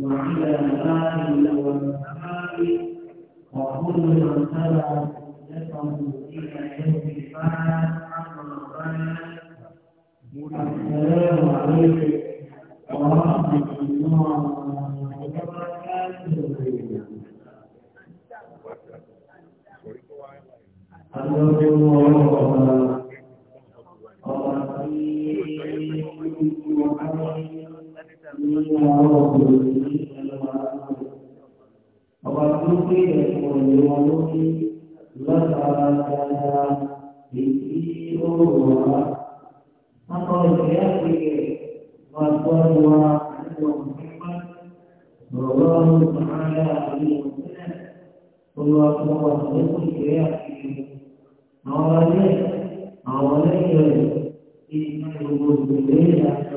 وعلى آله وأصحابه وكل من تبع سنته إلى يوم البعث أما بعد السلام عليكم ورحمة الله وبركاته Thank you. Ọba tó gbé ẹ̀kọ́ ìwà lórí látara dáadáa èyí ó rọ̀ wá. Akọ ìfẹ́ àgbègbè wa gbọ́ wa nínú ọ̀gbẹ́gbẹ́. Bọ̀dọ̀ ọ̀hún ààrẹ àti ìwọ̀nbẹ́lẹ̀ olùwàkọ̀wà lẹ́kọ̀ọ́ ìfẹ́ àgbègbè. Àwọn alẹ́ àwọn lẹ́yìn rẹ̀ ìgbà gbogbo ìgbèlè àti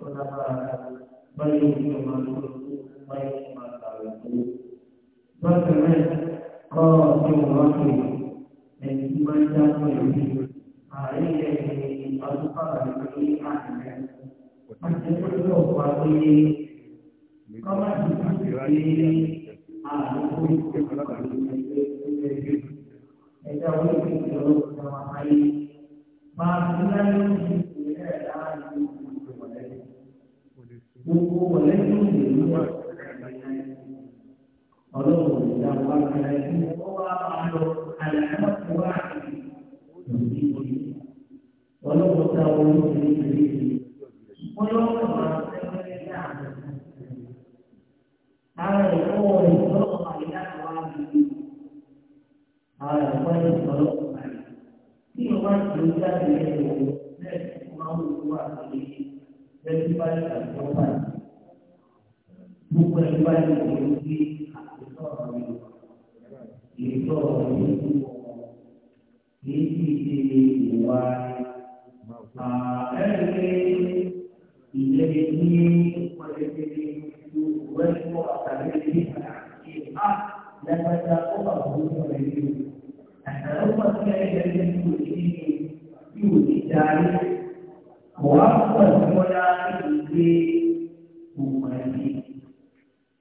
penataan bayi kemaluan bayi kemaluan itu. Bagaimana kau cuma dan dimana kau hari ini baru pada hari ini masih perlu kau ini kau masih perlu ini ada kau ini kau ini kau ini kau ini kau ini kau ini gbogbo mọ̀lẹ́bí lè ní wà ọlọ́run ìjà wa kẹlẹ́ ní wọ́n wá máa lọ àyàkọ́ ti wá lòdì òní ọlọ́run ta owó kiri kiri wọ́n yọ ọ́ máa fẹ́ẹ́ dá ara ìfọwọ́ ìfọwọ́ àyíká wa lòdì ara ìfọwọ́ ìfọwọ́ àyíká tí o bá ti ń jáde lẹ́yìn o bẹ́ẹ̀ ni máa ń wọ́n àgbẹ̀ bẹ́ẹ̀ tí bá yẹ kàtó báyìí. Bukan ibadah yang diuji Itu Itu Ini Ini Ini Ini Ini Ini Ini Wajib atas diri kita, kita dapat dapat hubungan dengan Allah. Dan kalau masih ada yang ini, itu dicari. Kuasa semuanya ini bukan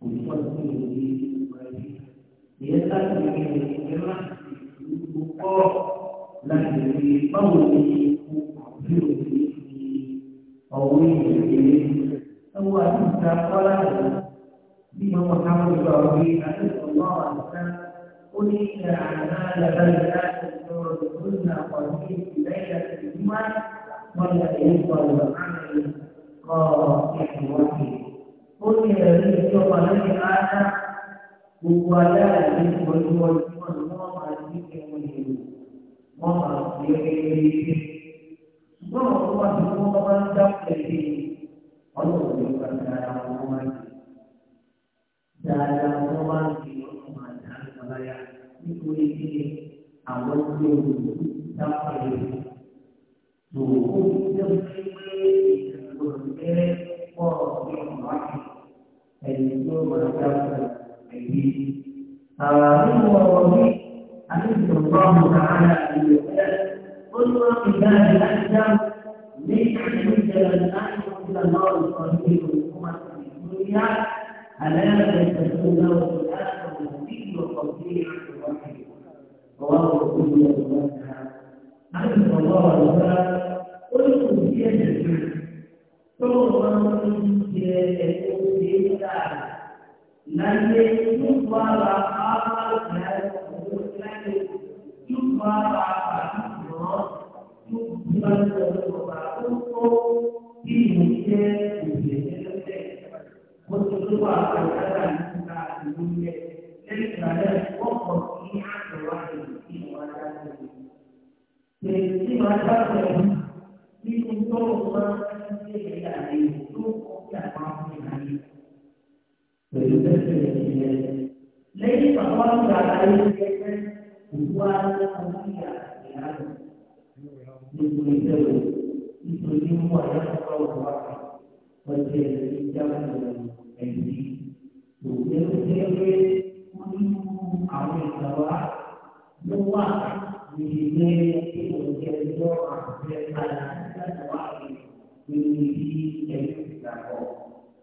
Oh, yeah, you're welcome. ó ní ẹ̀rí ìjọba lẹ́yìn áádá gbogbo aláàlú ìwọ́júwọ́jú wọn ni wọ́n máa ní ẹ̀wọ̀n èrò wọ́n máa fi ẹ̀ẹ́dẹ́gbẹ́. ṣùgbọ́n àwọn tó wà ní wọ́n máa ń dákẹ́ sí ọlọ́run ní pàtàkì ara wọn máa ń jẹ. dáadáa wọn máa ń jẹ ọdún máa dá ìpàláyà nítorí pé àwọn tí ó lò dákẹ́ lò. tòun ó ní ìjọba pé ìjọba ló ń bẹ́rẹ̀. رحمه واحد فيكون حفظه الله تعالى أن يقال كل قتال الأكثر من أن ينزل إلى الله صحيح الحكومة في الدنيا ألا يستكون له الآن النبي القصير عن الوحي رواه كل الله تعالى قلت في هذا الجنة ثم لن يكبر آخر يكبر آخر يكبر في وتكتب على الأذان بتاع الدنيا ليس له وقت في عقل واحد في ولا في ما تقدم في كتب ما تنزل إلى Jadi bahawa tidak ada hubungan manusia dengan dunia itu, itu semua yang perlu kita percayai dalam hidup ini. Jadi sebagai umum kami bahwa semua di negeri ini adalah berasal dari orang yang memiliki kehidupan yang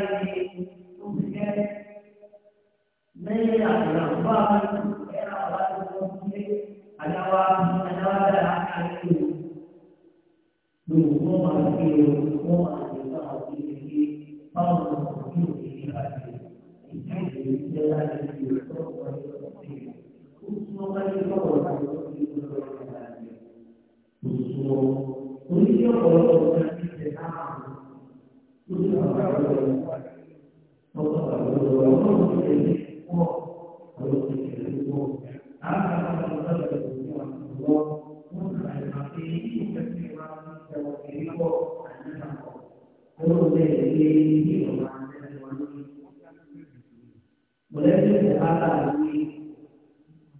báyìí tó fi jẹ́ lẹ́yìn àwọn àgbà ẹ̀rọ àwọn àgbà tó fi jẹ́ àdáwà àdáwà dára àti lòwò wọn máa fi lòwò wọn máa fi lòwò àwọn òbí rẹ̀ kí báwọn ọmọ mi ò ní ní àti ìdí ìdí jẹ́ láti fi lòwò wọn ní ọ̀sẹ̀ yìí. Ó súnmọ́ láti lọ́wọ́ láti lọ́wọ́ sí ìlú ọ̀rọ̀ ìlànà. Ó súnmọ́ oníṣẹ́ ọ̀pọ̀lọpọ̀ ọ̀gá ti tẹ̀ náà. Boleh dikatakan,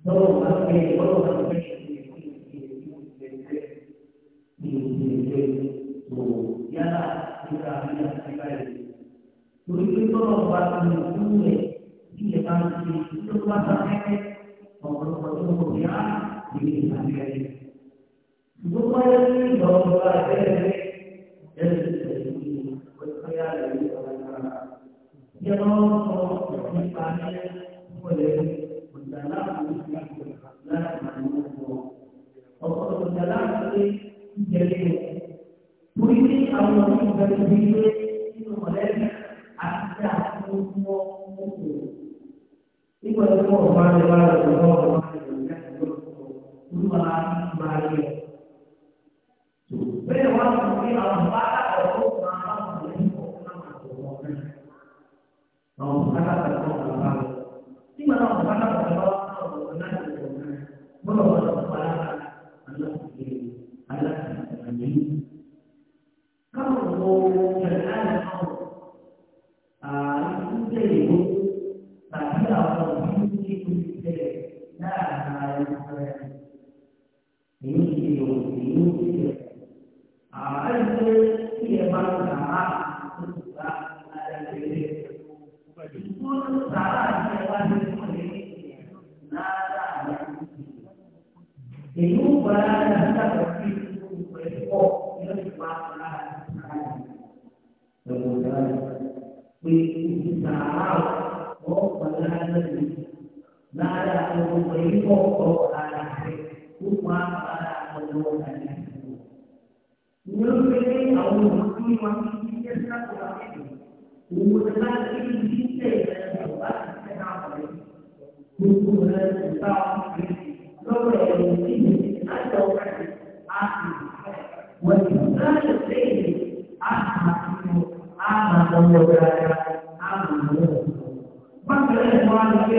kalau orang yang tọ́lọ̀ bá ti lè kú rẹ̀ bí ẹ bá ti ṣe tó bá ta fẹ́fẹ́ ọ̀pọ̀lọpọ̀ tó kò yá ìwé ìgbàgbẹ́ rẹ̀. ṣùgbọ́n wáyé ní ìlọ́wọ́ bá bẹ́ẹ̀ rẹ̀ ẹ̀sìn ìṣẹ̀lẹ̀ yìí ọ̀pọ̀ yá rẹ̀ ní ọ̀pọ̀lọpọ̀. bí ẹ bá ń sọ nípa ẹ̀ wọlé ọ̀dàlá ọ̀dàlá ìjẹ̀lẹ̀ Mungkin Allah memberi diri itu oleh ẹ̀kọ́ ọ̀pá Èyí ó wà lára nígbàgbọ́ sí ìdókòwò rẹ̀ pọ̀ nínú ìwà àkàrà ìkàlẹ̀. Lọ́wọ́ dára pé ìsàárà ọ̀ wà lára lẹ́nu. Lára ọmọ rẹ̀ pọ̀ ọ̀ lára rẹ̀ ó wà lára ọmọ rẹ̀. Ìyẹn pé àwọn òbí wa ti fi jẹ́ sábà ẹ̀dùn. Òun ni láti fi jíṣẹ́ ìrẹsì ọ̀bá ti fẹ́ náà rẹ̀. Gbogbo rẹ̀. gbogbo dáadáa á mọ̀ ọ́. Bákan náà wọ́n á lọ pé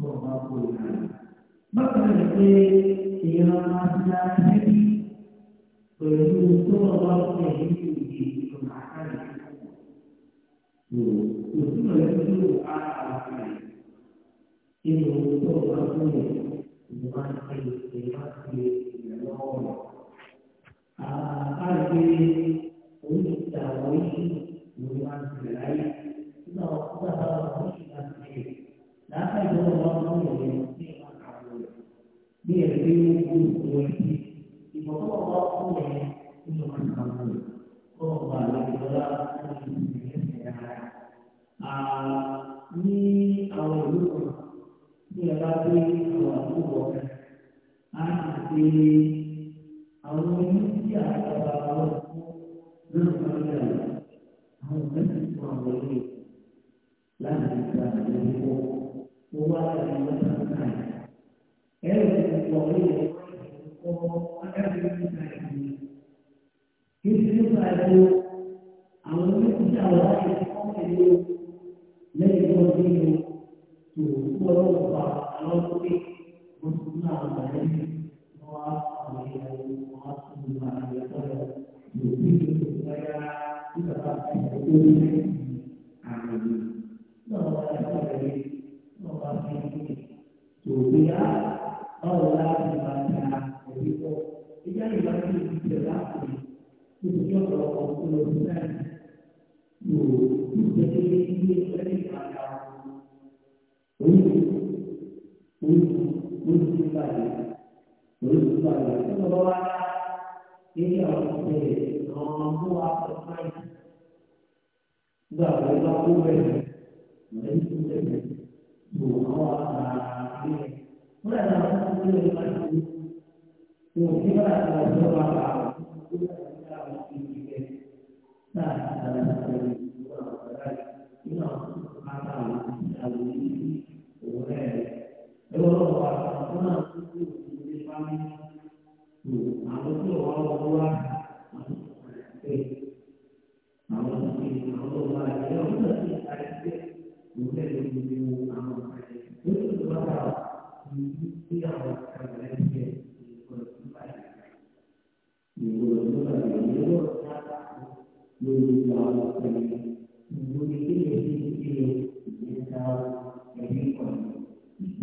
bọ̀ bá kó o lò. Bákan náà pé èèyàn máa ń da ẹbí pẹ̀lú tó wọ́n bá kó ẹ̀yìn ní ìdí ìjọba àkàlẹ̀. Kò sí ọ̀rẹ́ tó lò á àlàkalẹ̀. Inú tó wọ́n bá kó ẹ̀ ìjọba ń pè é láti ìrànlọ́wọ́ rẹ̀. Àkàlẹ̀ oníṣẹ́ àwọn yìí ló máa ń tẹ̀lé ayé. Nígbà wọn kó dábàá wọn yìí. Nasa ìjọba wa máa ń wọ̀nyẹ ní ìwà àwọn rẹ̀. Bí ẹ̀rí ogun ìwọ̀ ẹ̀dí, ìmọ̀ tó wà wá fún ẹ̀ nínú àwọn rẹ̀. Kọ́ ọ̀gbà àlejòlá fún ìdílé ẹ̀sẹ̀ rárá. Ní àwọn ìlú kan, bí ẹ bá gbé àwọn àbúrò ọ̀gá, a ti ṣe àwọn oní tí a bàbá wọn fún lórí ìpàdé àwọn ìgbésẹ̀ fún àwọn ilé láti gba ìlú wọn mo wá láti lọ sí àbúkà yìí. ẹ̀rọ ti pọ̀ ní ìwọ̀n ọkọ̀ akáàbí nípa ìlú. kí n ti fà lọ àwọn oníkùsà wà láti kọ́kẹ́ lé lẹ́yìn tó ń bí mo tò ó lọ́wọ́ àwọn tó ké mo tún náà wà lẹ́yìn wọn á. 我现在在做啥？在呃，舞蹈课在舞蹈室，他那里比较容易。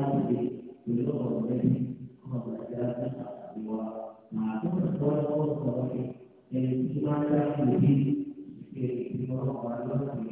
自己有一个房间，然后大家分享。我啊，工作多，所以经大家给一个人玩的多。